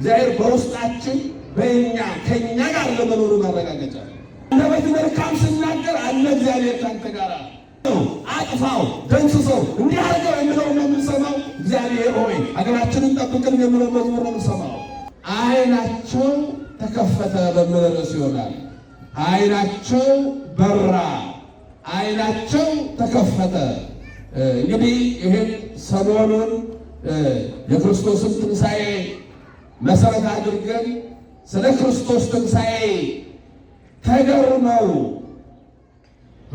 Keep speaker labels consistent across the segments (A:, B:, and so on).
A: እግዚአብሔር በውስጣችን በእኛ ከእኛ ጋር ለመኖሩ ማረጋገጫ አንደበት መልካም ስናገር አለ እግዚአብሔር ካንተ ጋር አጥፋው፣ ደምስሰው እንዲህ አድርገው የምለው ነው የምንሰማው። እግዚአብሔር ሆይ አገራችንን ጠብቅን የምለው መዝሙር ነው የምንሰማው። አይናቸው ተከፈተ በሚል ርዕስ ይሆናል። አይናቸው በራ፣ አይናቸው ተከፈተ። እንግዲህ ይህን ሰሞኑን የክርስቶስን ትንሣኤ መሰረት አድርገን ስለ ክርስቶስ ትንሣኤ ተገርመው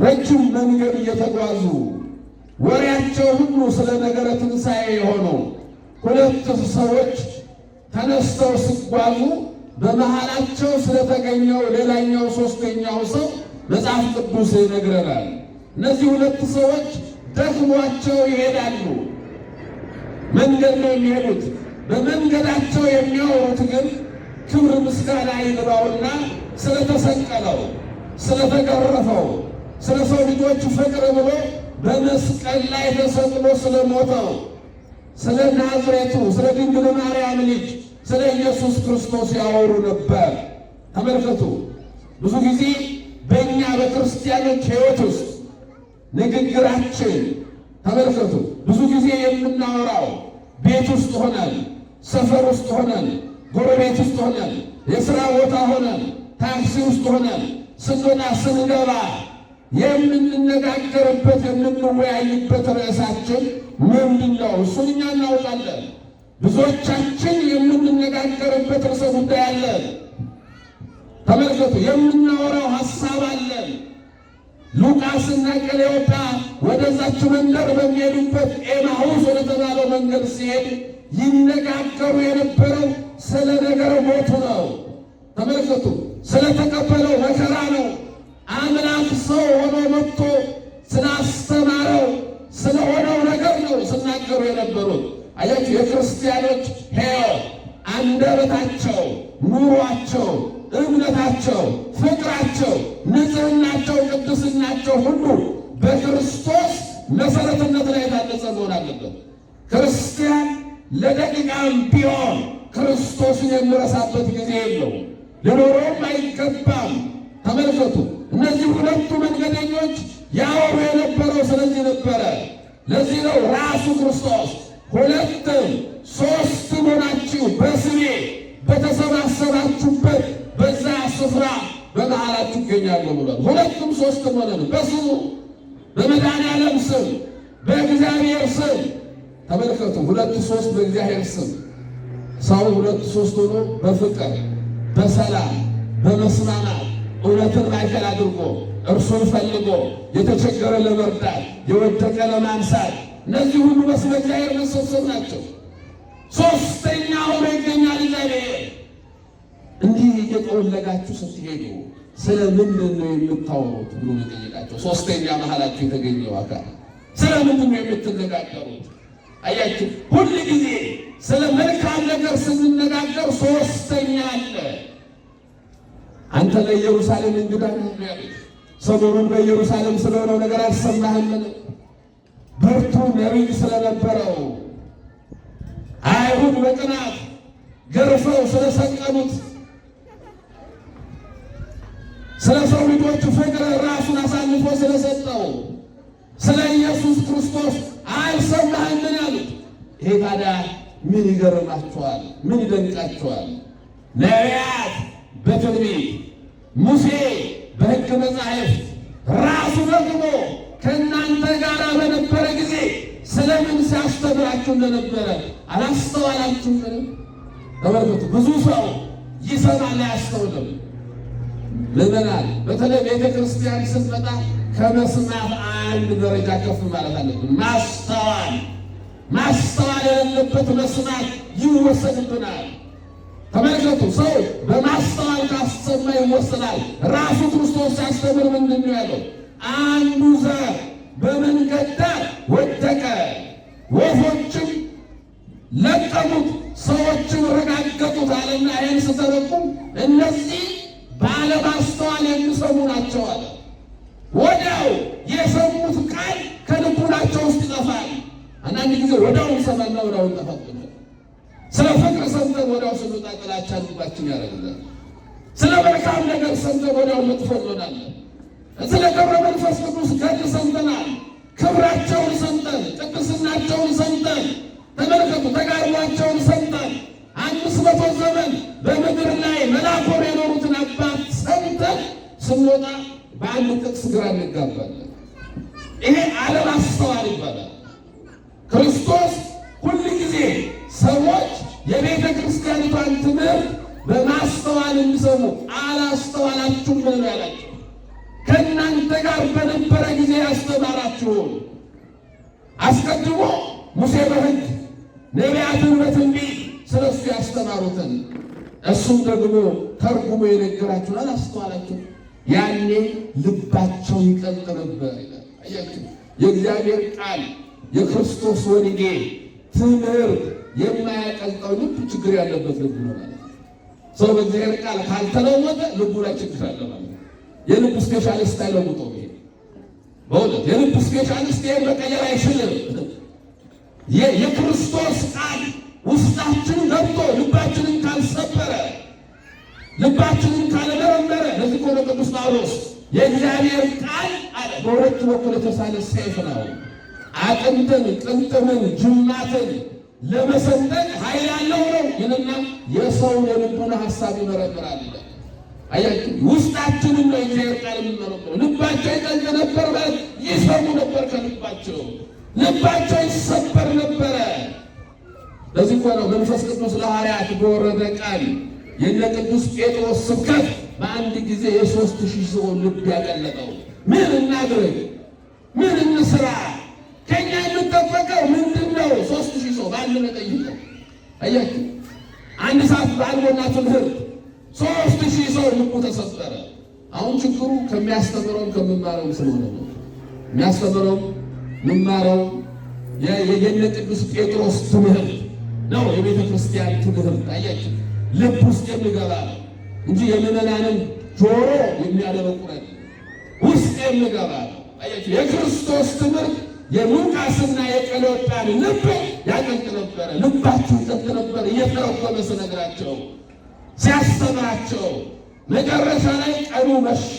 A: ረጅም መንገድ እየተጓዙ ወሬያቸው ሁሉ ስለ ነገረ ትንሣኤ የሆነው ሁለት ሰዎች ተነስተው ሲጓዙ በመሃላቸው ስለተገኘው ሌላኛው ሦስተኛው ሰው መጽሐፍ ቅዱስ ይነግረናል። እነዚህ ሁለት ሰዎች ደክሟቸው ይሄዳሉ። መንገድ ነው የሚሄዱት። በመንገዳቸው የሚያወሩት ግን ክብር ምስጋና ይግባውና ስለተሰቀለው፣ ስለተገረፈው፣ ስለ ሰው ልጆቹ ፍቅር ብሎ በመስቀል ላይ ተሰቅሎ ስለሞተው ስለ ናዝሬቱ ስለ ድንግል ማርያም ልጅ ስለ ኢየሱስ ክርስቶስ ያወሩ ነበር። ተመልከቱ። ብዙ ጊዜ በእኛ በክርስቲያኖች ሕይወት ውስጥ ንግግራችን ተመልከቱ፣ ብዙ ጊዜ የምናወራው ቤት ውስጥ ሆናል። ሰፈር ውስጥ ሆነን ጎረቤት ውስጥ ሆነን የስራ ቦታ ሆነን ታክሲ ውስጥ ሆነን ስንወጣ ስንገባ የምንነጋገርበት የምንወያይበት ርዕሳችን ምንድን ነው? እሱን እኛ እናውቃለን። ብዙዎቻችን የምንነጋገርበት ርዕሰ ጉዳይ አለን። ተመልከቱ፣ የምናወራው ሐሳብ አለን። ሉቃስ ቀሌዮጳ ወደዛች መንደር በሚሄዱበት ኤማሁስ ወደተባለው መንገድ ሲሄድ ይነጋገሩ የነበረው ስለ ነገረ ሞቱ ነው። ተመልከቱ፣ ስለተቀበለው መከራ ነው። አምላክ ሰው ሆኖ መጥቶ ስላስተማረው ስለሆነው ነገር ነው ስናገሩ የነበሩት። አያችሁ፣ የክርስቲያኖች ሄዮ አንደበታቸው፣ ኑሯቸው፣ እምነታቸው፣ ፍቅራቸው፣ ንጽህናቸው፣ ቅድስናቸው ሁሉ በክርስቶስ መሰረትነት ላይ የታነጸ መሆን አለበት ክርስቲያን ለደቂቃም ቢሆን ክርስቶስን የምረሳበት ጊዜ የለውም፣ ሊኖረውም አይገባም። ተመልከቱ፣ እነዚህ ሁለቱ መንገደኞች ያወሩ የነበረው ስለዚህ ነበረ። ለዚህ ነው ራሱ ክርስቶስ ሁለትም ሶስት ሆናችሁ በስሜ በተሰባሰባችሁበት በዛ ስፍራ በመሃላችሁ ይገኛለሁ ብሏል። ሁለቱም ሦስት ሆነን በስ ተመልከቱ። ሁለት ሶስት በእግዚአብሔር ስም ሰው ሁለት ሶስት ሆኖ በፍቅር በሰላም በመስማማት እውነትን ማዕከል አድርጎ እርሱን ፈልጎ የተቸገረ ለመርዳት የወደቀ ለማንሳት እነዚህ ሁሉ በስመ እግዚአብሔር መሰብሰብ ናቸው። ሶስተኛ ሆኖ ይገኛል እግዚአብሔር። እንዲህ እየጠወለጋችሁ ስትሄዱ ስለ ስለምንድን ነው የምታወሩት ብሎ መጠየቃቸው ሶስተኛ መሀላችሁ የተገኘው አካል ስለምንድን ነው የምትነጋገሩት? አያችሁ፣ ሁል ጊዜ ስለ መልካም ነገር ስንነጋገር ሶስተኛ አለ። አንተ ለኢየሩሳሌም እንግዳ ነህ ያሉት ሰሞኑን በኢየሩሳሌም ስለሆነው ነገር አልሰማህምን? ብርቱ ነቢይ ስለነበረው አይሁድ በቅናት ገርፈው ስለሰቀሉት ስለ ሰው ልጆቹ ፍቅር ራሱን አሳልፎ ስለሰጠው ስለ ኢየሱስ ክርስቶስ አይሰማህምን አሉት። ይሄ ታዲያ ምን ይገርማችኋል? ምን ይደንቃችኋል? ነቢያት በትንቢት ሙሴ በሕግ መጻሕፍት ራሱ ደግሞ ከእናንተ ጋር በነበረ ጊዜ ስለምን ሲያስተምራችሁ እንደነበረ አላስተዋላችሁምን? ተመልከቱ። ብዙ ሰው ይሰማል አያስተውልም። ምዕመናን፣ በተለይ ቤተ ክርስቲያን ስንመጣ ከመስማት አንድ ደረጃ ከፍ ማለት አለብን። ማስተዋል ማስተዋል የሌለበት መስማት ይወሰድብናል። ተመልከቱ፣ ሰው በማስተዋል ካሰማ ይወሰናል። ራሱ ክርስቶስ ሲያስተምር ምንድን ነው ያለው? አንዱ ዘር በመንገድ ዳር ወደቀ፣ ወፎችም ለቀሙት፣ ሰዎችም ረጋገጡት አለና ይህን ስተረቁ እነዚህ ባለማስተዋል የሚሰሙ ናቸው አለ። ወዲያው የሰሙት ቃል ከልቡናቸው ውስጥ ይጠፋል። አንዳንድ ጊዜ ወዲያው ሰማና ወዲያው ጠፋብናል። ስለ ፍቅር ሰምተን ወዲያው ስንወጣ ጥላቻ ልባችን ያደርግናል። ስለ መልካም ነገር ሰምተን ወዲያው መጥፎ እንሆናለን። ስለ ገብረ መንፈስ ቅዱስ ገድ ሰምተናል። ክብራቸውን ሰምተን፣ ጥቅስናቸውን ሰምተን፣ ተመልከቱ ተጋድሏቸውን ሰምተን አምስት መቶ ዘመን በምድር ላይ መላኮር የኖሩትን አባት ሰምተን ስንወጣ በአንድ ጥቅስ ግራ እንጋባለን። ይሄ ዓለም አስተዋል ይባላል። ክርስቶስ ሁል ጊዜ ሰዎች የቤተ ክርስቲያኒቷን ትምህርት በማስተዋል የሚሰሙ አላስተዋላችሁም ነው ያላቸው። ከእናንተ ጋር በነበረ ጊዜ ያስተማራችሁን አስቀድሞ ሙሴ በሕግ ነቢያትን በትንቢት ስለ እሱ ያስተማሩትን እሱም ደግሞ ተርጉሞ የነገራችሁን አላስተዋላችሁም። ያኔ ልባቸው ነበር። የእግዚአብሔር ቃል የክርስቶስ ወንጌ ትምህርት የማያቀልጠው ልብ ችግር ያለበት ልብ ነው ማለት ሰው በእግዚአብሔር ቃል ካልተለወጠ ልቡ ላይ ችግር አለ ማለት ነው። የልብ ስፔሻሊስት አይለውጠው። በእውነት የልብ ስፔሻሊስት ይሄን መቀየር አይችልም። የክርስቶስ ቃል ውስጣችን ገብቶ ልባችንን ካልሰበ ልባችሁን ካለመረመረ ለዚህ እኮ ነው ቅዱስ ጳውሎስ የእግዚአብሔር ቃል አለ በሁለት በኩል የተሳለ ሰይፍ ነው፣ አጥንትን፣ ቅምጥምን፣ ጅማትን ለመሰንጠቅ ኃይል ያለው ነው። ይህንና የሰውን የልቡን ሀሳብ ይመረምራል። አያችሁ፣ ውስጣችንን ነው የእግዚአብሔር ቃል የሚመረምረው። ልባቸው ይጠልቅ ነበር ማለት ይሰሙ ነበር ከልባቸው ልባቸው ይሰበር ነበረ። በዚህ እኮ ነው መንፈስ ቅዱስ ለሐዋርያት በወረደ ቃል የእነ ቅዱስ ጴጥሮስ ስብከት በአንድ ጊዜ የሶስት ሺህ ሰው ልብ ያቀለጠው። ምን እናድርግ? ምን እንስራ? ከኛ የምጠበቀው ምንድን ነው? ሶስት ሺህ ሰው በአንድ መጠይቀው አያችሁ። አንድ ሰዓት በአልሞና ትምህርት ሶስት ሺህ ሰው ልቡ ተሰበረ። አሁን ችግሩ ከሚያስተምረውም ከምማረውም ስለሆነ ነው። የሚያስተምረውም ምማረው የእነ ቅዱስ ጴጥሮስ ትምህርት ነው፣ የቤተ ክርስቲያን ትምህርት አያችሁ። ልብ ውስጥ የሚገባ ነው እንጂ የምዕመናንን ጆሮ የሚያደበቁ ውስጥ የሚገባ ነው። የክርስቶስ ትምህርት የሉቃስና የቀሎጣን ልብ ያቀልጥ ነበረ። ልባችሁ ይቀልጥ ነበር። እየተረጎመ ሲነግራቸው ሲያስተምራቸው መጨረሻ ላይ ቀኑ መሸ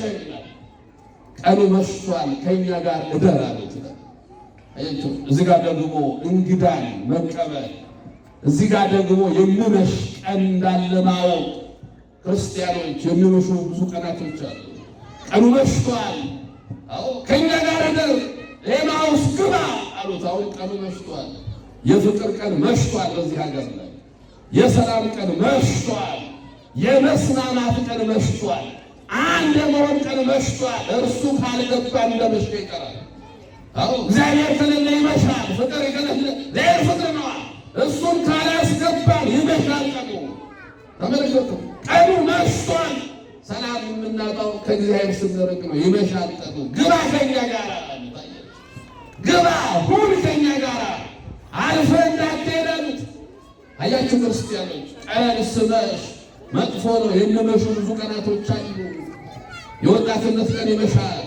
A: ቀኑ መሽቷል፣ ከእኛ ጋር እደር አሉት። እዚህ ጋር ደግሞ እንግዳን መቀበል እዚህ ጋር ደግሞ የሚመሽ ቀን እንዳለ ማወቅ ክርስቲያኖች የሚመሹ ብዙ ቀናቶች አሉ። ቀኑ መሽቷል፣ ከእኛ ጋር ደር ኤማውስ ግባ አሉት። አሁን ቀኑ መሽቷል። የፍቅር ቀን መሽቷል። በዚህ ሀገር ላይ የሰላም ቀን መሽቷል። የመስማማት ቀን መሽቷል። አንድ የመሆን ቀን መሽቷል። እርሱ ካልገባ እንደመሸ ይቀራል። እግዚአብሔር ከሌለ ይመሻል። ፍቅር ከሌለ ፍቅር ነዋል እሱን ካላስገባን ይመሻል ቀኑ። ተመልከቱ፣ ቀኑ መሽቷል። ሰላም የምናጣው ከእግዚአብሔር ስንርቅ ነው። ይመሻል ቀኑ። ግባ ከኛ ጋር ግባ፣ ሁን ከኛ ጋር አልፈ እንዳትሄዳሉት። አያችሁ ክርስቲያኖች፣ ቀን ስመሽ መጥፎ ነው። የሚመሹ ብዙ ቀናቶች አሉ። የወጣትነት ቀን ይመሻል።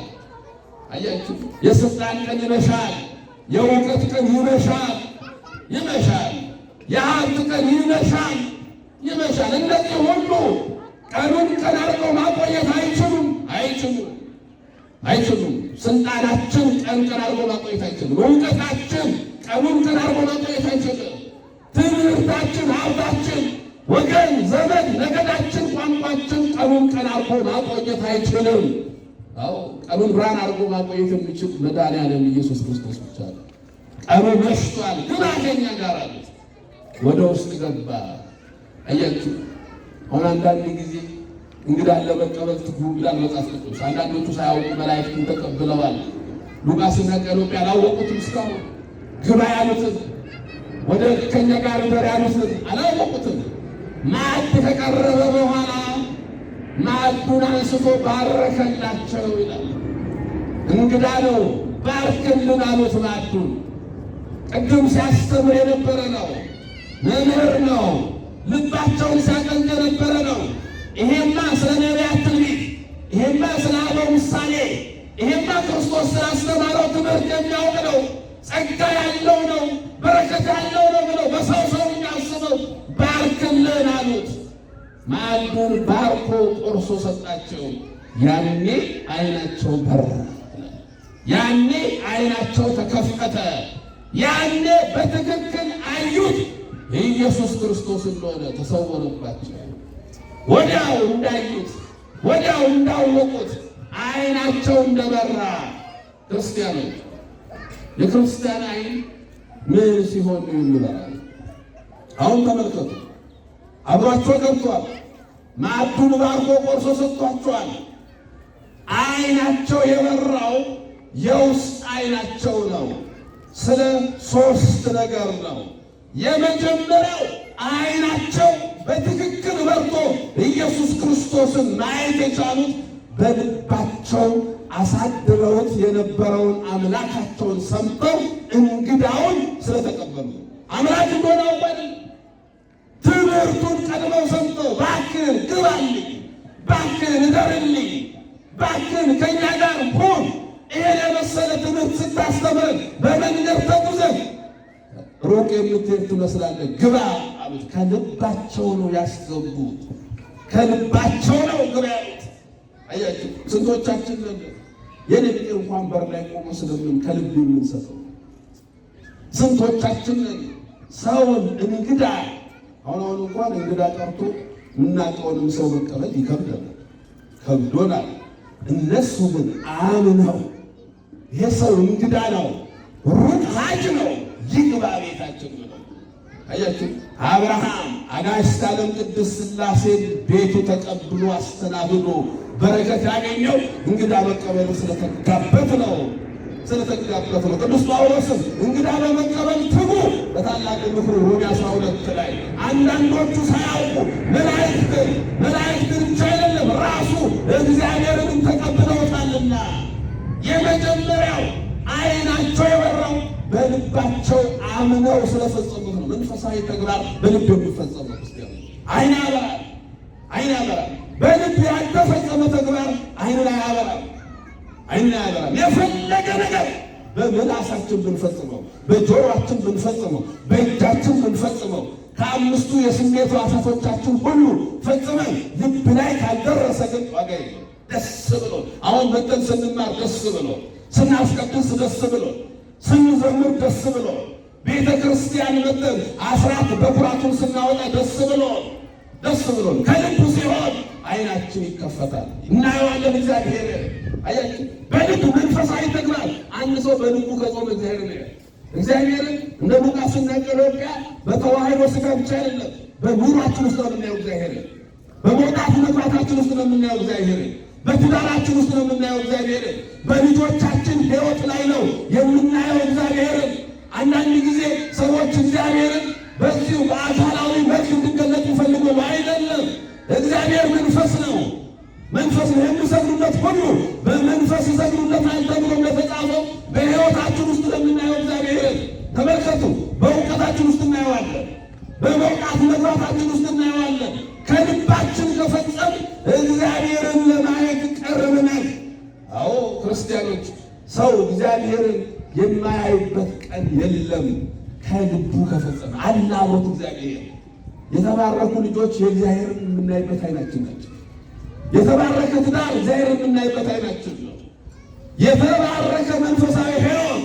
A: አያችሁ፣ የስልጣን ቀን ይመሻል። የእውቀት ቀን ይመሻል፣ ይመሻል የሀብት ቀን ይመሻል ይመሻል። እነዚህ ሁሉ ቀኑን ቀን አድርገው ማቆየት አይችሉም አይችሉም አይችሉም። ስልጣናችን ቀን ቀን አድርገው ማቆየት አይችሉም። እውቀታችን ቀኑን ቀን አድርገው ማቆየት አይችልም። ትምህርታችን፣ ሀብታችን፣ ወገን ዘመን፣ ነገዳችን፣ ቋንቋችን ቀኑን ቀን አድርጎ ማቆየት አይችልም። አዎ ቀኑን ብርሃን አድርጎ ማቆየት የሚችል መድኃኔዓለም ኢየሱስ ክርስቶስ ብቻ ነው። ቀኑ መሽቷል፣ ግን ከእኛ ጋር አለ ወደ ውስጥ ገባ። አያችሁ አሁን አንዳንድ ጊዜ እንግዳ ለመቀበል ትጉ ይላል መጽሐፍ ቅዱስ። አንዳንዶቹ ሳያውቁ መላእክቱን ተቀብለዋል። ሉቃስና ቀሎጴ አላወቁትም። እስካሁን ግባ ያሉትን ወደ ከኛ ጋር ደር ያሉትን አላወቁትም። ማዕድ ከቀረበ በኋላ ማዕዱን አንስቶ ባረከላቸው ይላል። እንግዳ ነው ባርክልን አሉት። ማዕዱን ቅድም ሲያስተምር የነበረ ነው። መምህር ነው። ልባቸውን ሲያቀል የነበረ ነው። ይሄማ ስለ ነቢያት ትንቢት፣ ይሄማ ስለ አበው ምሳሌ፣ ይሄማ ክርስቶስ ስላስተማረው ትምህርት የሚያውቅ ነው። ጸጋ ያለው ነው፣ በረከት ያለው ነው ብለው በሰው ሰው የሚያስበው ባርክልን አሉት። ማዕዱን ባርኮ ቆርሶ ሰጣቸው። ያኔ አይናቸው በራ፣ ያኔ ዓይናቸው ተከፈተ፣ ያኔ በትክክል አዩት። የኢየሱስ ክርስቶስ እንደሆነ ተሰወረባቸው ወዲያው እንዳዩት ወዲያው እንዳወቁት አይናቸው እንደበራ። ክርስቲያኖች የክርስቲያን አይን ምን ሲሆን ነው አሁን ተመልከቱ። አብሯቸው ገብቷል። ማዕዱን ባርኮ ቆርሶ ሰጥቷቸዋል። አይናቸው የበራው የውስጥ አይናቸው ነው። ስለ ሶስት ነገር ነው የመጀመሪያው አይናቸው በትክክል በርቶ ኢየሱስ ክርስቶስን ማየት የቻሉት በልባቸው አሳድረውት የነበረውን አምላካቸውን ሰምተው እንግዳውን ስለተቀበሉ አምላክ እንደሆነ አውቀዋል። ትምህርቱን ቀድመው ሰምተው ባክን ግባል፣ ባክን እደርል፣ ባክን ከእኛ ጋር ሁን ይሄን የመሰለ ትምህርት ስታስተምር በመንገድ ተጉዘን ሩቅ የምትሄድ ትመስላለህ፣ ግባ አሉት። ከልባቸው ነው ያስገቡት፣ ከልባቸው ነው ግባ ያሉት። አያችሁ ስንቶቻችን የኔ ቢጤ እንኳን በር ላይ ቆሞ ስለምን ከልብ የምንሰጠው ስንቶቻችን ሰውን እንግዳ አሁን አሁን እንኳን እንግዳ ቀርቶ እናቀውንም ሰው መቀበል ይከብዳል፣ ከብዶናል። እነሱ ግን አምነው ይሄ ሰው እንግዳ ነው፣ ሩቅ ሀጅ ነው ይግባ ቤታችን አያችሁ። አብርሃም አጋዕዝተ ዓለም ቅድስት ሥላሴን ቤቱ ተቀብሎ አስተናግዶ በረከት ያገኘው እንግዳ መቀበሉ ስለተጋበት ነው ስለተጋበት ነው። ቅዱስ ጳውሎስም እንግዳ በመቀበል ትጉ በታላቅ ምክሩ ሮሜ አስራ ሁለት ላይ አንዳንዶቹ ሳያውቁ መላእክትን መላእክትን ብቻ አይደለም ራሱ እግዚአብሔርንም ተቀብለውታልና የመጀመሪያው አይናቸው የበራው በልባቸው አምነው ስለፈጸሙት ነው። መንፈሳዊ ተግባር በልብ የሚፈጸም ነው። ክርስቲያን አይን አበራ አይን አበራ። በልብ ያልተፈጸመ ተግባር አይን ላይ አበራ አይን ላይ አበራ። የፈለገ ነገር በምላሳችን ብንፈጽመው፣ በጆሯችን ብንፈጽመው፣ በእጃችን ብንፈጽመው ከአምስቱ የስሜቱ ሕዋሳቶቻችን ሁሉ ፈጽመን ልብ ላይ ካልደረሰ ግን ዋጋ የለውም። ደስ ብሎ አሁን መጠን ስንማር ደስ ብሎ ስናስቀድስ ደስ ብሎ ስንዘምር ደስ ብሎ ቤተ ክርስቲያን መጠን አስራት በኩራቱን ስናወጣ ደስ ብሎ ደስ ብሎ ከልቡ ሲሆን አይናችን ይከፈታል፣ እናየዋለን እግዚአብሔር። አያችሁ በልቡ መንፈሳዊ ተግባር አንድ ሰው በልቡ ከጾመ እግዚአብሔር ነው። እግዚአብሔርን እንደ ሉቃስ እና ቀሎጵያ በተዋህዶ ስጋ ብቻ አይደለም፣ በኑሯችን ውስጥ ነው የምናየው እግዚአብሔር። በመውጣት መግባታችን ውስጥ ነው የምናየው እግዚአብሔር በትዳራችን ውስጥ ነው የምናየው እግዚአብሔርን። በልጆቻችን ሕይወት ላይ ነው የምናየው እግዚአብሔርን። አንዳንድ ጊዜ ሰዎች እግዚአብሔርን በዚሁ በአካላዊ መልክ እንዲገለጥ ይፈልጉ አይደለም። እግዚአብሔር መንፈስ ነው። ልጆች የእግዚአብሔር የምናይበት አይናችን ናቸው። የተባረከ ትዳር እግዚአብሔር የምናይበት አይናችን ነው። የተባረከ መንፈሳዊ ሕይወት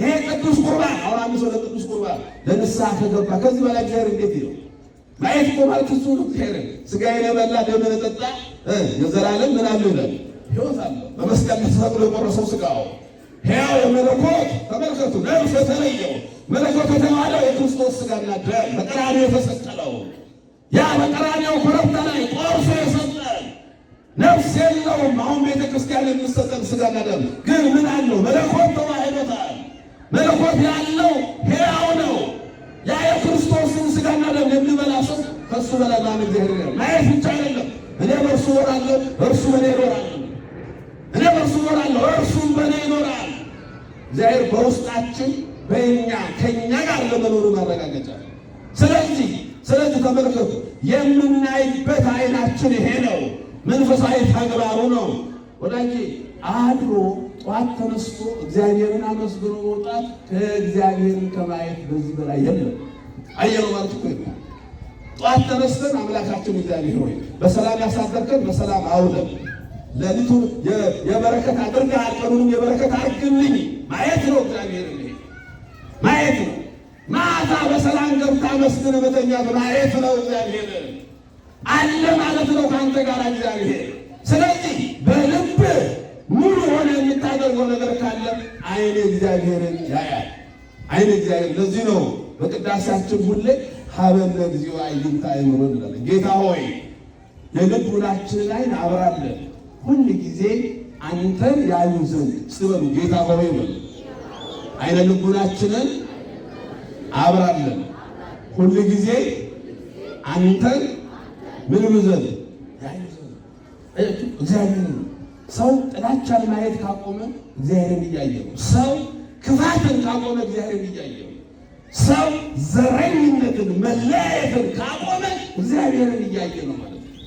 A: ይሄ ቅዱስ ቁርባን አሁን ሰው ለቅዱስ ቁርባን ለንስሐ ከገባ ከዚህ በላይ እግዚአብሔር እንዴት ይለው ማየት ቆማል። ክሱ እግዚአብሔር ስጋዬን የበላ ደሜን የጠጣ የዘላለም ምን አለ ይላል ሕይወት አለ። በመስቀል ተሰቅሎ የቆረሰው ስጋው ሕያው የመለኮት ተመልከቱ፣ ነፍስ የተለየው መለኮት የተባለው የክርስቶስ ስጋና ደም በቀራንዮ የተሰቀለው ያ በቀራንዮው ኮረብታ ላይ ቆርሶ የሰጠን ነፍስ የለውም። አሁን ቤተ ክርስቲያን የምትሰጠን ሥጋና ደም ግን ምን አለው? መለኮት ተዋህዶታል። መለኮት ያለው ሕያው ነው። ያ የክርስቶስን ሥጋና ደም የሚበላ ሰው ከእሱ በላይ ማመን እግዚአብሔር ነው። ማየት ብቻ አይደለም። እኔ በእርሱ እኖራለሁ፣ እርሱ በእኔ ይኖራል። እኔ በእርሱ እኖራለሁ፣ እርሱም በእኔ ይኖራል። እግዚአብሔር በውስጣችን በእኛ ከእኛ ጋር ለመኖሩ ማረጋገጫ ስለዚህ ስለዚህ ተመልከቱ፣ የምናይበት አይናችን ይሄ ነው። መንፈሳዊ ተግባሩ ነው። ወዳጅ አድሮ ጠዋት ተነስቶ እግዚአብሔርን አመስግኖ መውጣት ከእግዚአብሔርን ከማየት በዚህ በላይ የለም። አየሩ ማለት እኮ ጠዋት ተነስተን አምላካችን እግዚአብሔር ሆይ በሰላም ያሳደርከን በሰላም አውለን ለሊቱ የበረከት አድርገሃል፣ ቀኑንም የበረከት አድርግልኝ ማየት ነው። እግዚአብሔር ማየት ነው። ማታ በሰላም ገብታ መስክን መተኛት ማየት ነው። እግዚአብሔር አለ ማለት ነው ከአንተ ጋር እግዚአብሔር። ስለዚህ በልብ ሙሉ ሆነ የምታደርገው ነገር ካለ አይን እግዚአብሔርን ያያል። አይን እግዚአብሔር ለዚህ ነው በቅዳሴያችን ሁሌ ሀበነ ጊዜ አይንታ አይምሮ እንላለን። ጌታ ሆይ የልብ ውላችን ላይ አብራለን ሁል ጊዜ አንተን ያዩ ዘንድ ስበሉ ጌታ ሆይ በሉ አይነ ልቡናችንን አብራለን ሁል ጊዜ አንተን ምን ብዘን እግዚአብሔር ሰው ጥላቻን ማየት ካቆመ እግዚአብሔርን እያየው ሰው ክፋትን ካቆመ እግዚአብሔርን እያየው ሰው ዘረኝነትን፣ መለያየትን ካቆመ እግዚአብሔርን እያየ ነው ማለት ነው።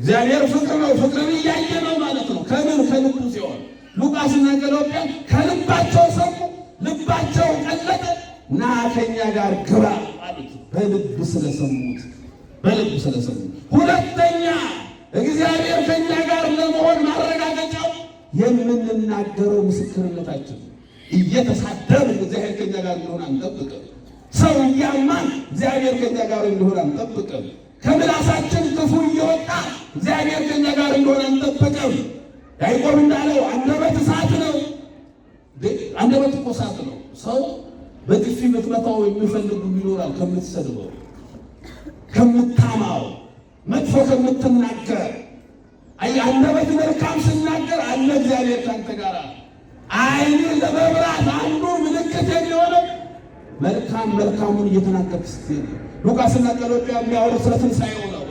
A: እግዚአብሔር ፍቅር ነው። ፍቅርን እያየ ነው ማለት ነው። ከምን ከልቡ ሲሆን ሉቃስና ገሎጵያ ከልባቸው ሰሙ፣ ልባቸው ቀለጠ። ና ከኛ ጋር ግባ አሉት። በልብ ስለሰሙት በልብ ስለሰሙት። ሁለተኛ እግዚአብሔር ከኛ ጋር ለመሆን ማረጋገጫው የምንናገረው ምስክርነታችን። እየተሳደብን እግዚአብሔር ከኛ ጋር እንደሆነ አንጠብቅም። ሰው እያማን እግዚአብሔር ከኛ ጋር እንደሆነ አንጠብቅም። ከምላሳችን ክፉ እየወጣ እግዚአብሔር ከኛ ጋር እንደሆነ አንጠብቅም። ያዕቆብ እንዳለው አንደበት እሳት ነው። አንደበት እኮ እሳት ነው ሰው በጥፊ ብትመታው የሚፈልጉ ይኖራል። ከምትሰድበው፣ ከምታማው፣ መጥፎ ከምትናገር አይ አንደበት መልካም ስናገር አለ እግዚአብሔር ካንተ ጋር አይን ለመብራት አንዱ ምልክት የሚሆነ መልካም መልካሙን እየተናገር ስትሄድ ሉቃስና ቀሎጵያ የሚያወሩ ስለ ትንሣኤው ነው።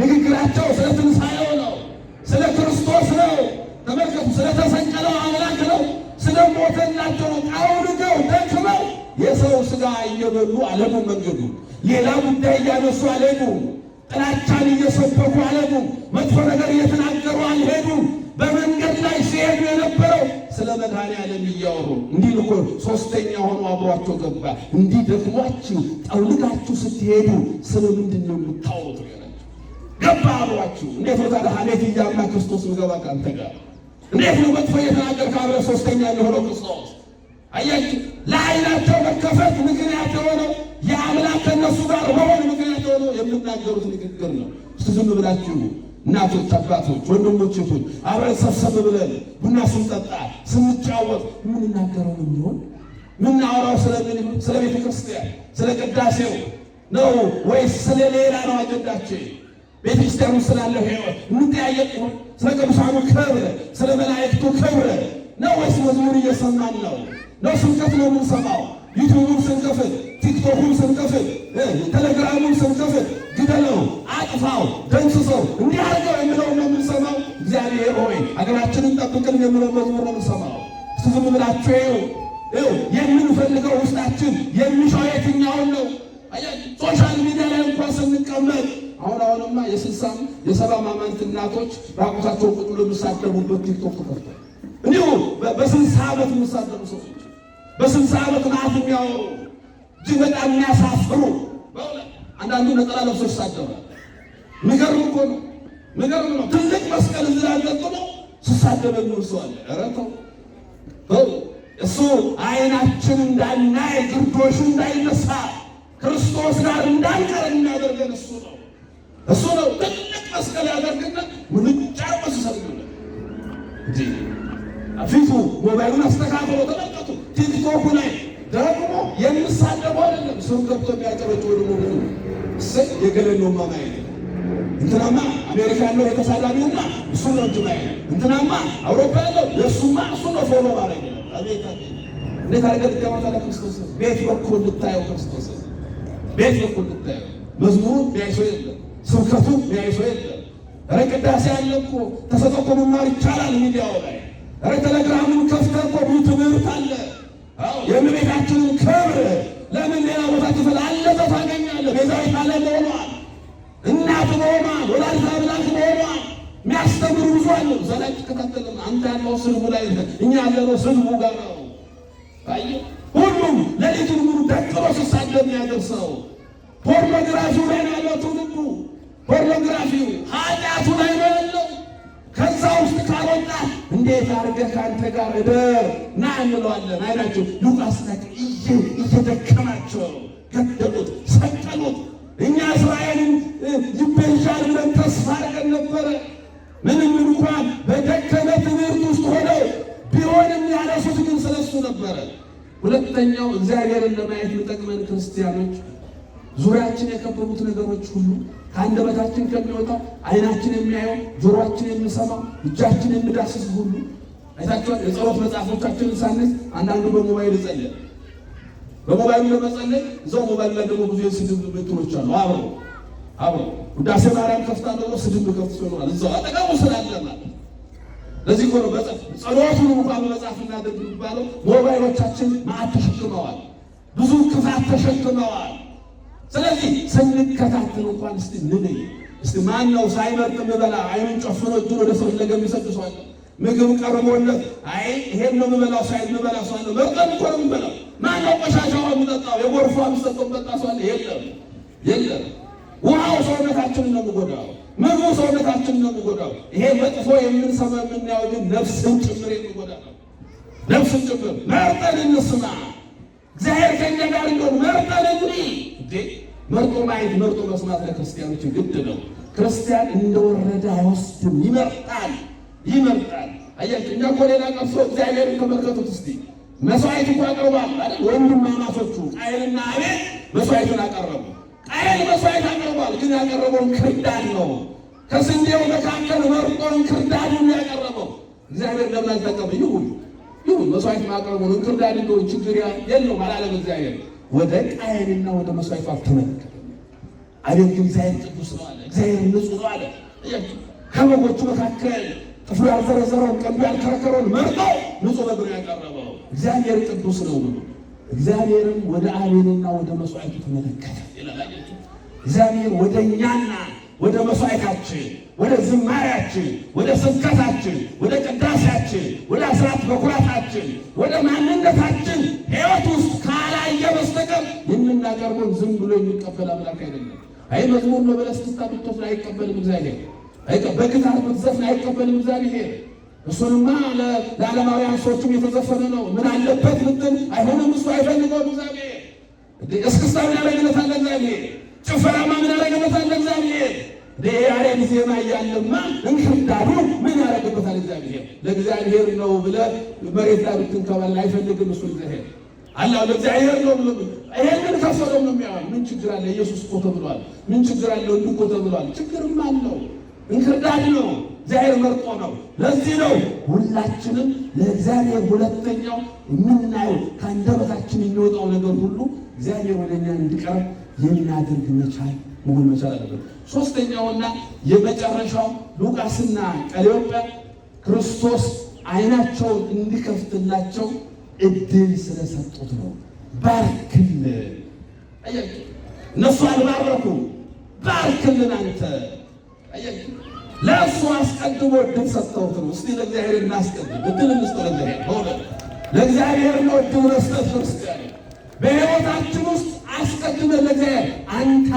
A: ንግግራቸው ስለ ትንሣኤው ነው፣ ስለ ክርስቶስ ነው። ተመልከቱ፣ ስለ ተሰቀለው አምላክ ነው፣ ስለ ሞተላቸው ነው። ቃውልገው ደግ የሰው ስጋ እየበሉ አለሙ መንገዱ ሌላ ጉዳይ እያነሱ አለሙ ጥላቻን እየሰበኩ አለሙ መጥፎ ነገር እየተናገሩ አልሄዱ። በመንገድ ላይ ሲሄዱ የነበረው ስለ መድኃኔዓለም እያወሩ እንዲህ ልኮ ሶስተኛ ሆኖ አብሯቸው ገባ። እንዲህ ደግሟችሁ ጠውልጋችሁ ስትሄዱ ስለ ምንድን ነው የምታወሩት? ገባ አብሯችሁ። እንዴት ነው ወታ ሀሌት እያማ ክርስቶስ ምገባ ከአንተ ጋር እንዴት ነው መጥፎ እየተናገር ከአብረ ሶስተኛ የሆነው ክርስቶስ አያችሁ፣ ለኃይላቸው መከፈት ምክንያት የሆነው የአምላክ ከእነሱ ጋር መሆን ምክንያት የሆነው የምናገሩት ንግግር ነው። ዝም ብላችሁ እናቶች፣ አባቶች፣ ወንድሞች ቶች አብረን ሰብሰብ ብለን ቡና ስንጠጣ ስንጫወት የምንናገረው የሚሆን ምናወራው ስለ ቤተ ክርስቲያን ስለ ቅዳሴው ነው ወይስ ስለ ሌላ ነው? አጀንዳችን ቤተ ክርስቲያኑ ስላለው ሕይወት እንጠያየቅ ስለ ቅዱሳኑ ክብር ስለ መላእክቱ ክብር ነው ወይስ መዝሙር እየሰማን ነው? ነው ስንከፍ ነው የምንሰማው። ዩቱቡን ስንከፍት፣ ቲክቶኩን ስንከፍት፣ ቴሌግራሙን ስንከፍት ግደለው፣ አጥፋው፣ ደምስሰው፣ እንዲህ አድርገው የምለው ነው የምንሰማው። እግዚአብሔር ሆይ ሀገራችንን ጠብቅን የምለው መዝሙር ነው የምንሰማው። እሱ ዝም ብላችሁ ይው የምንፈልገው ውስጣችን የሚሻው የትኛውን ነው? ሶሻል ሚዲያ ላይ እንኳን ስንቀመጥ አሁን አሁንማ የስልሳም የሰባ ማማንት እናቶች ራቁታቸውን ቁጭ ብሎ የሚሳደቡበት ቲክቶክ ተከፍቷል። እንዲሁ በስልሳ ዓመት የሚሳደቡ ሰዎች በስልሳ ዓመት መዓት የሚያወሩ እጅግ በጣም የሚያሳፍሩ አንዳንዱ ነጠላ ለብሶ ይሳደሩ። የሚገርም እኮ ነው፣ የሚገርም ነው። ትልቅ መስቀል እዚህ አንጠልጥሎ ሲሳደብ የሚውል ሰው እሱ አይናችን እንዳናይ ግርዶሹ እንዳይነሳ ክርስቶስ ጋር እንዳንቀር የሚያደርገን እሱ ነው። እሱ ነው ትልቅ መስቀል ያደርግና ምንጫ ሲሰግድለት ፊቱ ሞባይሉን አስተካክሎ ተመልከቱ። ቲክቶክ ላይ ደግሞ የምሳደቡ አይደለም። ሰው ገብቶ የሚያጨበጭ ወደ ሞብ እሰይ የገለን ነው ማማ ይለ እንትናማ አሜሪካ ያለው የተሳዳቢውማ እሱ ነው እንጂ ማየ እንትናማ አውሮፓ ያለው የእሱማ እሱ ነው ፎሎ ማለ ነው። አቤት አቤት! እንዴት አድርገህ ልትገባታለህ? ክርስቶስ ቤት በኩል ልታየው ክርስቶስ ቤት በኩል ልታየው መዝሙሩ ሚያይሶ የለም ስብከቱ ሚያይሶ የለም። ረቅዳሴ ያለ አለ እኮ ተሰጠው መማር ይቻላል ሚዲያው ላይ ቴሌግራሙን ከፍተህ ብዙ ትምህርት አለ። የእመቤታችንን ክብር ለምን ሌላ ቦታ አለ ታገኛለህ። ቤዛዊተ ዓለም መሆኗን፣ እናት መሆኗን፣ ወላዲተ አምላክ መሆኗን የሚያስተምሩ ብዙ አሉ። ዘላቂ ተከተልም አንተ ያለው ስልቡ ላይ እኛ ያለነው ስልቡ ጋር ነው። ሁሉም ሌሊቱን ሙሉ ደቅሎ ሲሳደብ የሚያደርሰው ፖርኖግራፊው ላይ ነው ያለው ትውልዱ። ፖርኖግራፊው ኃጢአቱ ላይ ነው ያለው። ከዛ ውስጥ ካልወጣህ እንዴት አድርገህ ከአንተ ጋር እደር ና እንለዋለን አይላቸው። ሉቃስ ነቅ እየደከማቸው ገደሉት፣ ሰቀሉት። እኛ እስራኤልን ይቤዣል ብለን ተስፋ አድርገን ነበረ። ምንም እንኳን በደከመ ትምህርት ውስጥ ሆነው ቢሆንም ያነሱት ግን ስለሱ ነበረ። ሁለተኛው እግዚአብሔርን ለማየት የሚጠቅመን ክርስቲያኖች ዙሪያችን የከበቡት ነገሮች ሁሉ ከአንደበታችን ከሚወጣው አይናችን የሚያየው ጆሮአችን የሚሰማው እጃችን የሚዳስስ ሁሉ አይታችኋል። የጸሎት መጽሐፎቻችንን ሳነስ አንዳንዱ በሞባይል ይጸልል። በሞባይሉ ለመጸለይ እዛው ሞባይል ላይ ደግሞ ብዙ የስድብ ብትሮች አሉ። አብሮ አብሮ ውዳሴ ማርያም ከፍታ ደግሞ ስድብ ከፍት ይኖራል። እዛው አጠቃሙ ስላለና ለዚህ ሆኖ ጸሎቱን እንኳ በመጽሐፍ እናደርግ የሚባለው ሞባይሎቻችን ማዕት ተሸክመዋል። ብዙ ክፋት ተሸክመዋል። ስለዚህ ስንከታተል እንኳን እስቲ ንለይ እስቲ ማን ነው ሳይመርጥ ምበላ አይኑን ጨፍኖ እጁን ወደ ሰው ነገር የሚሰጥ ሰው አለ። ምግብ ቀርቦለት አይ ይሄን ነው ምበላው ሳይል ምበላ ሰው አለ። መርጠን እኮ ነው ምበላው። ማን ነው ቆሻሻው የሚጠጣው የጎርፏ የሚሰጠው ጠጣ ሰው አለ? የለም የለም። ውሃው ሰውነታችንን ነው የሚጎዳው። ምግቡ ሰውነታችንን ነው የሚጎዳው። ይሄ መጥፎ የምንሰማ የምናየው ነፍስን ጭምር የሚጎዳ ነው። ነፍስን ጭምር መርጠን እንስማ። እግዚአብሔር ከእኛ ጋር እንደሆነ መርጠን እንዲ መርጦ ማየት መርጦ መስማት ለክርስቲያኖች ግድ ነው። ክርስቲያን እንደወረደ አይወስድም፣ ይመርጣል ይመርጣል። አያችሁ እኛ እኮ ሌላ ቀርሶ እግዚአብሔር ተመልከቱት እስቲ መስዋዕት እኮ አቅርቧል አይደል? ወንድማማቾቹ ቃየልና አቤል መስዋዕቱን አቀረቡ። ቃየል መስዋዕት አቅርቧል፣ ግን ያቀረበውን ክርዳድ ነው። ከስንዴው መካከል መርጦን ክርዳዱን ያቀረበው እግዚአብሔር ለምን አልተቀበሉ ይሁን መስዋዕት ማቅረቡን እንክርዳድ ነው ችግር የለውም አላለም እግዚአብሔር። ወደ ቃየንና ወደ መስዋዕቱ አልተመለከተም። አቤቱ እግዚአብሔር ቅዱስ ነው አለ፣ እግዚአብሔር ንጹሕ ነው አለ። ከበጎቹ መካከል ጥፍሩ ያልዘረዘረውን ቀንዱ ያልከረከረውን መርጦ ንጹሕ በግ ያቀረበው እግዚአብሔር ቅዱስ ነው ብሎ እግዚአብሔርም ወደ አቤልና ወደ መስዋዕቱ ተመለከተ። እግዚአብሔር ወደ እኛና ወደ መስዋዕታችን ወደ ዝማሪያችን፣ ወደ ስብከታችን፣ ወደ ቅዳሴያችን፣ ወደ አስራት በኩራታችን፣ ወደ ማንነታችን ህይወት ውስጥ ካላየ በስተቀር የምናቀርበውን ዝም ብሎ የሚቀበል አምላክ አይደለም። አይ መዝሙር ነው በበለስ ትስታ ብትወስድ አይቀበልም እግዚአብሔር። በክታር ብትዘፍን አይቀበልም እግዚአብሔር። እሱንማ ለዓለማውያን ሰዎችም የተዘፈነ ነው። ምን አለበት ምትን አይሆንም። እሱ አይፈልገውም እግዚአብሔር። እስክስታ ምን አለ እግዚአብሔር። ጭፈራማ ምን አለ እግዚአብሔር። በኤአይን ዜማ እያለማ እንሽታቱ ምን ያደርግበታል? እግዚአብሔር ለእግዚአብሔር ነው ብለህ መሬት ላይ ብትንከባል አይፈልግም እሱ እግዚአብሔር አላ ለእግዚአብሔር ነው ይሄንን ከሰለው ነው የሚያ ምን ችግር አለ? ኢየሱስ እኮ ተብሏል። ምን ችግር አለው? እንዲህ እኮ ተብሏል። ችግርም አለው። እንክርዳድ ነው። እግዚአብሔር መርጦ ነው። ለዚህ ነው ሁላችንም ለእግዚአብሔር ሁለተኛው የምናየው ከአንደበታችን የሚወጣው ነገር ሁሉ እግዚአብሔር ወደ እንዲቀርብ የሚያደርግ መቻል መሆን መቻል አለበት። ሶስተኛውና የመጨረሻው ሉቃስና ቀሌዮጳ ክርስቶስ ዓይናቸውን እንዲከፍትላቸው እድል ስለሰጡት ነው። ባርክልን። እነሱ አልባረኩ ባርክልን አንተ ለእሱ አስቀድሞ እድል ሰጥተውት ነው። እስቲ ለእግዚአብሔር እናስቀድም፣ እድል እንስጥ ለእግዚአብሔር። በእውነት ለእግዚአብሔር ነው እድል መስጠት ክርስቲያን በሕይወታችን ውስጥ አስቀድመን ለእግዚአብሔር አንተ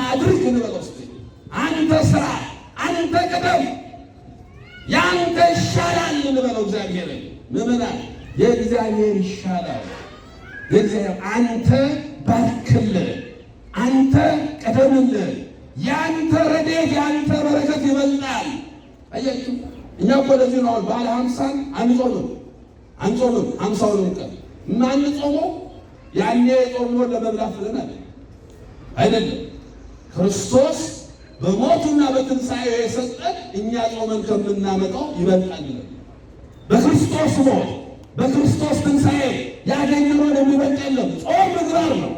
A: እግዚአብሔር ምዕመናን የእግዚአብሔር ይሻላል። የእግዚአብሔር አንተ ባርክልን፣ አንተ ቀደምልን፣ የአንተ ረድኤት የአንተ በረከት ይበልጣል። አያችሁ እኛ እኮ ለዚህ ነው ባለ ሀምሳን አንጾምም አንጾምም ቀን ያኔ ለመብላት ብለን አይደለም ክርስቶስ በሞቱና የሰጠን እኛ ጾመን ከምናመጣው ይበልጣል። በክርስቶስ ሞት በክርስቶስ ትንሣኤ ያገኘነውን የሚበልጥ የለም። ጾም ምግባር ነው።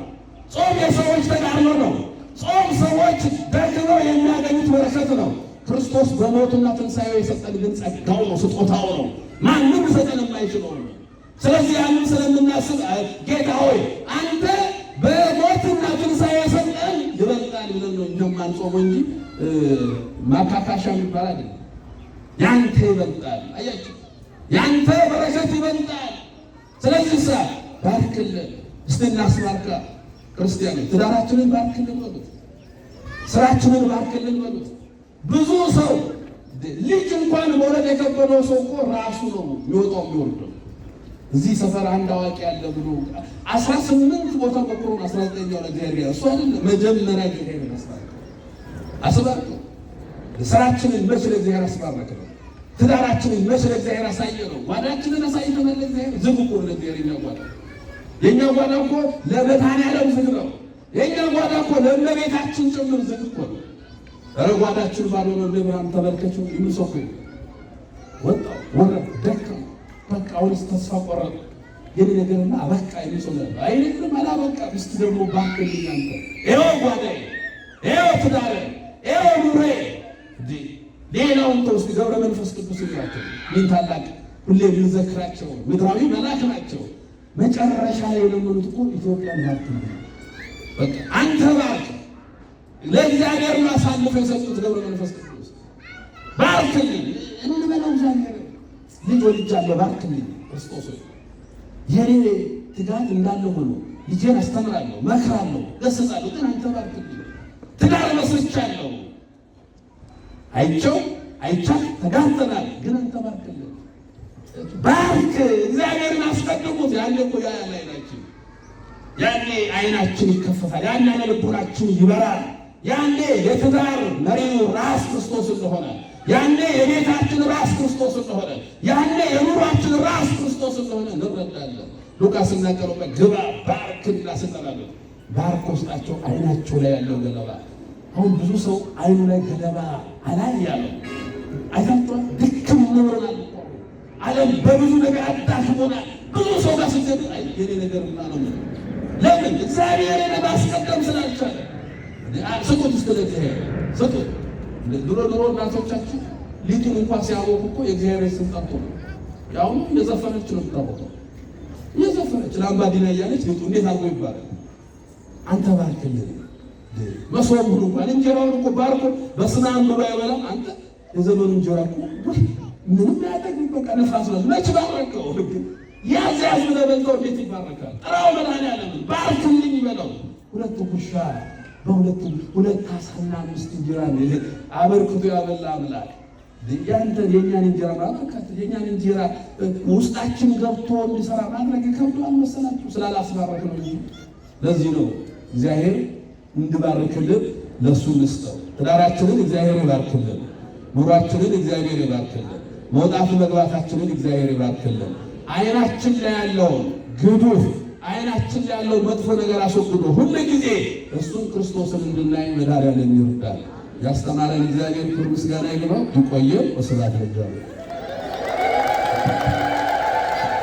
A: ጾም የሰዎች ተጋድሎ ነው። ጾም ሰዎች ደግመው የሚያገኙት በረከት ነው። ክርስቶስ በሞቱና ትንሣኤው የሰጠን ግን ጸጋው ነው፣ ስጦታው ነው። ማንም ሰጠን የማይችለው ነው። ስለዚህ ያንን ስለምናስብ ጌታ ሆይ አንተ በሞትና ትንሣኤ የሰጠን ይበልጣል ብለን ነው እንደማንጾመው እንጂ ማካካሻ የሚባል አይደለም። ያንተ ይበልጣል አያችሁ ያንተ በረከት ይበልጣል። ስለዚህ ሳ ባርክልን፣ እስቲ እናስባርካ። ትዳራችንን ባርክልን በሉት፣ ስራችንን ባርክልን በሉት። ብዙ ሰው ልጅ እንኳን መውለድ የከበደው ሰው እኮ ራሱ ነው የሚወጣው የሚወርደው። እዚህ ሰፈር አንድ አዋቂ ብሎ አስራ ስምንት ቦታ በቁሩን አስራ ዘጠኛው እሱ አይደለ መጀመሪያ ስራችንን አስባረክ ነው ትዳራችንን መች ለእግዚአብሔር አሳየ ነው። ጓዳችንን አሳይቶ ነው ለእግዚአብሔር ዝግ እኮ ለእግዚአብሔር የኛ ጓዳ የኛ ጓዳ እኮ ለመድኃኒዓለም ዝግ ነው። የኛ ጓዳ እኮ ለእመቤታችን ጭምር ዝግ እኮ ነው። ኧረ ጓዳችን ባልሆነ እንደ ተመልከችው ይምሰኩ ወጣ ወረ ደካ በቃ አሁንስ ተስፋ ቆረጡ የኔ ነገርና በቃ የሚጾም ነበር አይልም አላ በቃ እስቲ ደግሞ ባክ እናንተ ይኸው ጓዳዬ ይኸው ትዳሬ ይኸው ኑሬ ሌላውን ተውስ ገብረ መንፈስ ቅዱስ ናቸው። ምን ታላቅ ሁሌ ልንዘክራቸው ምድራዊ መላክ ናቸው። መጨረሻ ላይ የለመኑት እኮ ኢትዮጵያን ባርክ አንተ ባርክ ለእግዚአብሔር አሳልፈው የሰጡት ገብረ መንፈስ ቅዱስ ባርክልኝ እንበለው። እግዚአብሔር ልጅ ወልጃለሁ ባርክልኝ። ክርስቶስ የኔ ትጋት እንዳለ ሆኖ ልጄን አስተምራለሁ፣ መክራለሁ፣ ገስጻለሁ። ግን አንተ ባርክልኝ ትዳር መስርቻለሁ አይቸው አይቸው ተጋፍተናል፣ ግን አንተባርክልን ባርክ እግዚአብሔርን አስቀድሞ ያለ እኮ ያ ያለ አይናችን ያኔ አይናችን ይከፈታል። ያኔ ያለ ልቦናችን ይበራል። ያኔ የትዳር መሪው ራስ ክርስቶስ እንደሆነ፣ ያኔ የቤታችን ራስ ክርስቶስ እንደሆነ፣ ያኔ የኑሯችን ራስ ክርስቶስ እንደሆነ እንረዳለን። ሉቃስ እናገሩበት ግባ ባርክና ስንላለን ባርክ ውስጣቸው አይናቸው ላይ ያለው ገለባ አሁን ብዙ ሰው አይኑ ላይ ገለባ አላይ ያለ አይታችኋል። ድክም ኖረናል። ዓለም በብዙ ነገር አዳክሞናል። ብዙ ሰው ጋር ስንገድ የኔ ነገር ምናለ ለምን እግዚአብሔር ለማስቀደም ስላልቻለ ስጡት፣ እስከ ለእግዚአብሔር ስጡት። ድሮ ድሮ እናቶቻችሁ ሊጡን እንኳን ሲያወቁ እኮ የእግዚአብሔር ስም ጠርቶ ነው። ያሁኑ እየዘፈነች ነው የምታወቀው፣ እየዘፈነች ለአምባዲና እያለች ሊጡ እንዴት አድርጎ ይባላል። አንተ ባርክልን መሶብ ብሉ እንኳን እንጀራውን እኮ ባርኮ በስመ አብ አይበላም። አንተ የዘመኑ እንጀራ እኮ ምንም አያጠግብም። በቃ ነፋስ ራሱ መች ባረከው። ያዝ ያዝ ብለህ በልተው እንዴት ይባረካል? ጥራው መድኃኒዓለም ባርክልኝ ይበለው። ሁለት ጉሻ በሁለት ሁለት አሳና አምስት እንጀራ አበርክቶ ያበላ አምላክ ያንተን የእኛን እንጀራ ማበርካት የእኛን እንጀራ ውስጣችን ገብቶ እንዲሰራ ማድረግ ከብዶ አልመሰላችሁ ስላላስባረክ ነው። ለዚህ ነው እግዚአብሔር እንድባርክልን ለእሱ ምስጠው። ትዳራችንን እግዚአብሔር ይባርክልን። ኑሯችንን እግዚአብሔር ይባርክልን። መውጣት መግባታችንን እግዚአብሔር ይባርክልን። አይናችን ላይ ያለውን ግዱፍ አይናችን ላይ ያለው መጥፎ ነገር አስወግዶ ሁሉ ጊዜ እሱን ክርስቶስን እንድናይ መዳሪያ ይርዳል። ያስተማረን እግዚአብሔር ክብር ምስጋና ይግባው። ይቆየን። ወስብሐት ለእግዚአብሔር።